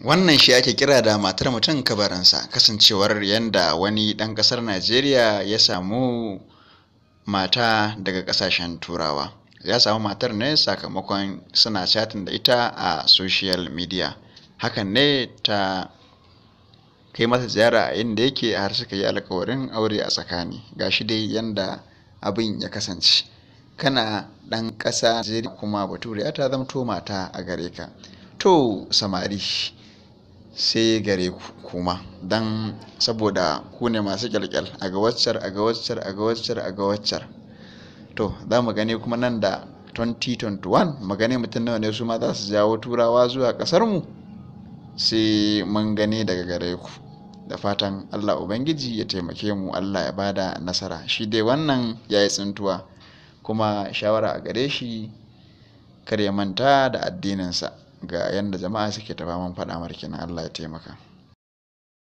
wannan shi ake kira da matar mutum kabarinsa kasancewar yadda wani ɗan ƙasar najeriya ya samu mata daga ƙasashen turawa ya samu matar ne sakamakon suna chatin da ita a social media hakan ne ta kai mata ziyara a inda yake har suka yi alkawarin aure a tsakani Ga shi dai yadda abin ya kasance kana ɗan ƙasa kuma Bature ya ta zamto mata a gare ka to samari sai gare kuma don saboda ku ne masu kyalkyal a ga waccar a ga waccar a ga waccar a ga waccar to za mu gani kuma nan da 2021 mu gani mutum nawa ne su ma za su jawo turawa zuwa kasar mu sai mun gani daga gare ku da fatan allah ubangiji ya taimake mu allah ya bada nasara shi dai wannan ya yi tsintuwa kuma shawara a gare shi kar ya manta da addininsa ga yanda jama'a suke ta faman faɗa mar kenan Allah ya taimaka